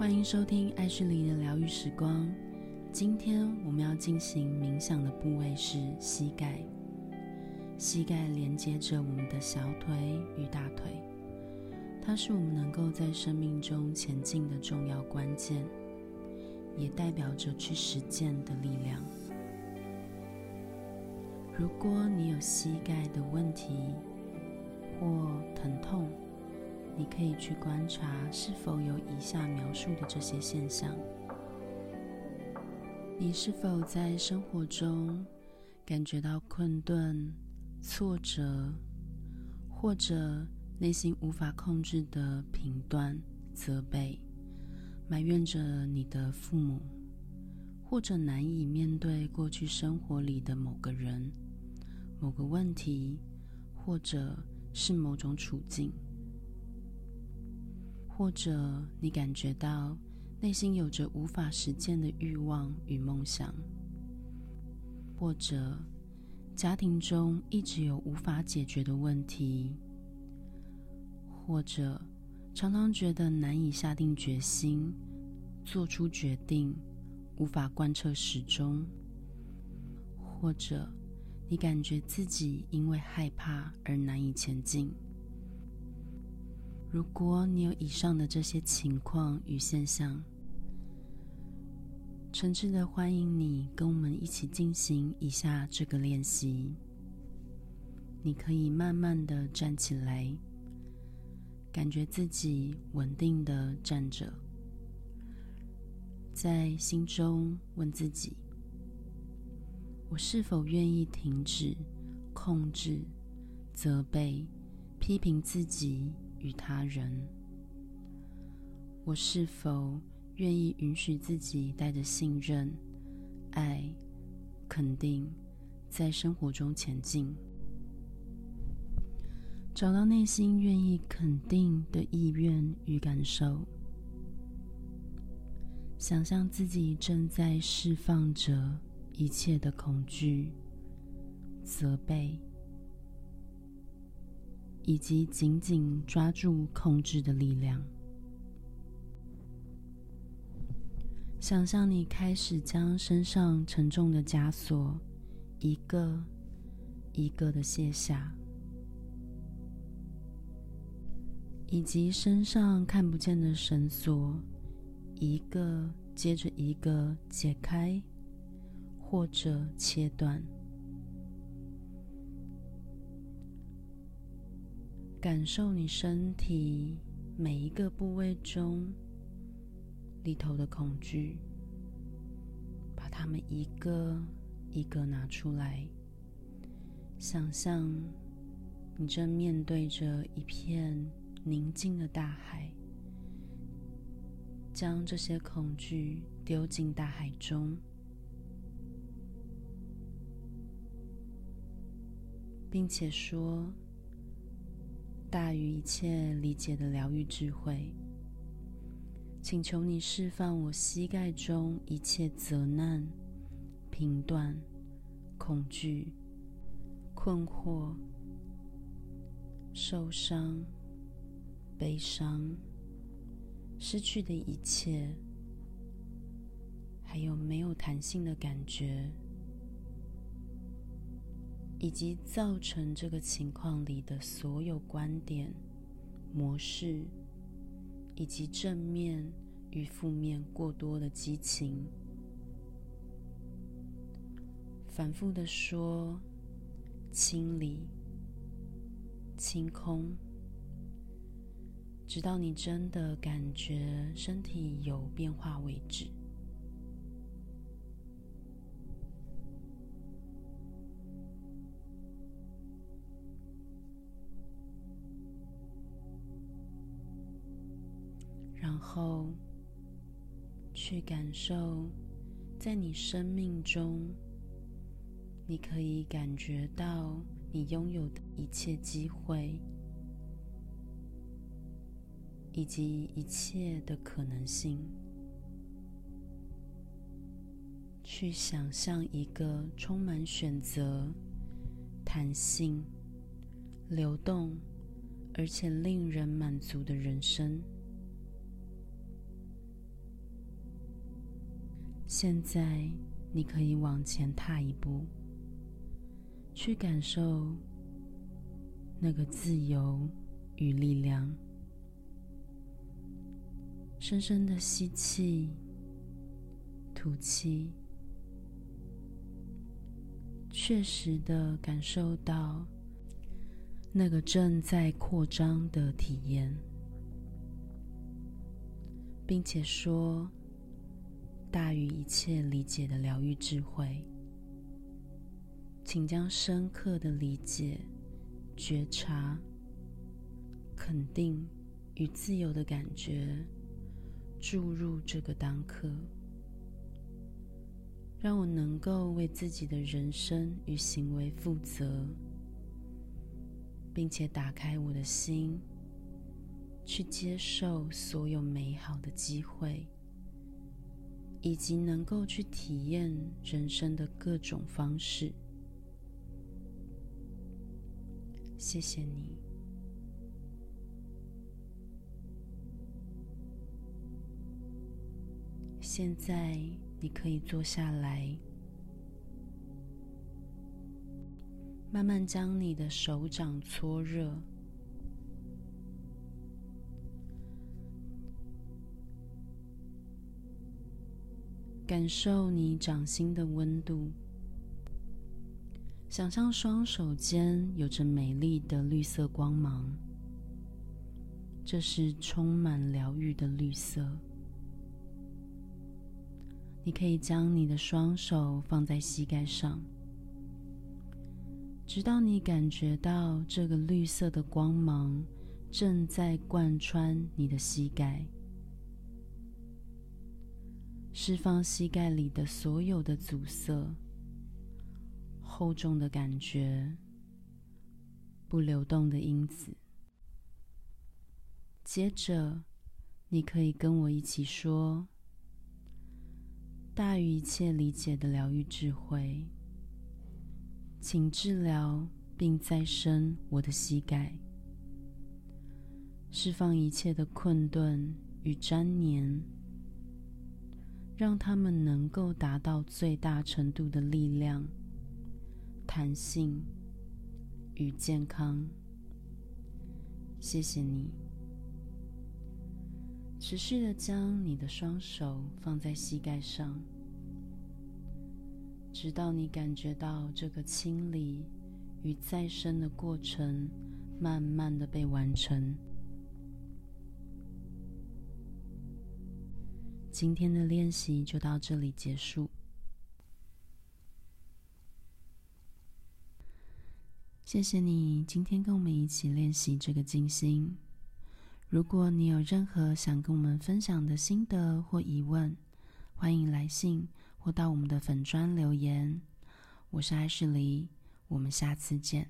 歡迎收聽愛旭黎的療癒時光。今天我們要進行冥想的部位是膝蓋。膝蓋連接着我們的小腿與大腿，它是我們能夠在生命中前進的重要關鍵，也代表着去實踐的力量。如果你有膝蓋的問題或疼痛，你可以去觀察是否有以下描述的這些現象：你是否在生活中感覺到困頓、挫折，或者內心無法控制的評斷、責備、埋怨着你的父母，或者難以面對過去生活裡的某個人、某個問題，或者是某種處境？或者你感覺到內心有着無法實踐的慾望與夢想，或者家庭中一直有無法解決的問題，或者常常覺得難以下定決心、做出決定、無法貫徹始終，或者你感覺自己因為害怕而難以前進。如果你有以上的這些情況與現象，誠摯的歡迎你跟我們一起進行一下這個練習。你可以慢慢的站起來，感覺自己穩定的站着，在心中問自己：我是否願意停止控制、責備、批評自己？與他人，我是否願意允許自己帶着信任、愛、肯定，在生活中前進，找到內心願意肯定的意願與感受？想象自己正在釋放着一切的恐懼、責備。以及緊緊抓住控制的力量。想象你開始將身上沉重的枷鎖一個一個的卸下，以及身上看不見的繩索一個接着一個解開或者切斷。感受你身體每一個部位中裡頭的恐懼，把它們一個一個拿出來，想象你正面對着一片寧靜的大海，將這些恐懼丟進大海中，並且說。大於一切理解的療癒智慧，請求你釋放我膝蓋中一切責難、評斷、恐懼、困惑、受傷、悲傷、失去的一切，還有沒有彈性的感覺。以及造成這個情況裡的所有觀點、模式，以及正面與負面過多的激情，反覆地說，清理、清空，直到你真的感覺身體有變化為止。然後，去感受，在你生命中，你可以感覺到你擁有的一切機會，以及一切的可能性。去想象一個充滿選擇、彈性、流動，而且令人滿足的人生。現在你可以往前踏一步，去感受那個自由與力量。深深的吸氣，吐氣，確實的感受到那個正在擴張的體驗，並且說。大於一切理解的療癒智慧，請將深刻的理解、覺察、肯定與自由的感覺注入這個當刻，讓我能夠為自己的人生與行為負責，並且打開我的心，去接受所有美好的機會。以及能夠去體驗人生的各種方式，謝謝你。現在你可以坐下來，慢慢將你的手掌搓熱。感受你掌心的溫度，想象雙手間有着美麗的綠色光芒，這是充滿療癒的綠色。你可以將你的雙手放在膝蓋上，直到你感覺到這個綠色的光芒正在貫穿你的膝蓋。釋放膝蓋裡的所有的阻塞、厚重的感覺、不流動的因子。接着，你可以跟我一起說：“大於一切理解的療癒智慧，請治療並再生我的膝蓋，釋放一切的困頓與粘黏。”讓他們能夠達到最大程度的力量、彈性與健康。謝謝你。持續的將你的雙手放在膝蓋上，直到你感覺到這個清理與再生的過程慢慢的被完成。今天的練習就到這裡結束。謝謝你今天跟我們一起練習這個靜心。如果你有任何想跟我們分享的心得或疑問，歡迎來信或到我們的粉專留言。我是愛旭黎，我們下次見。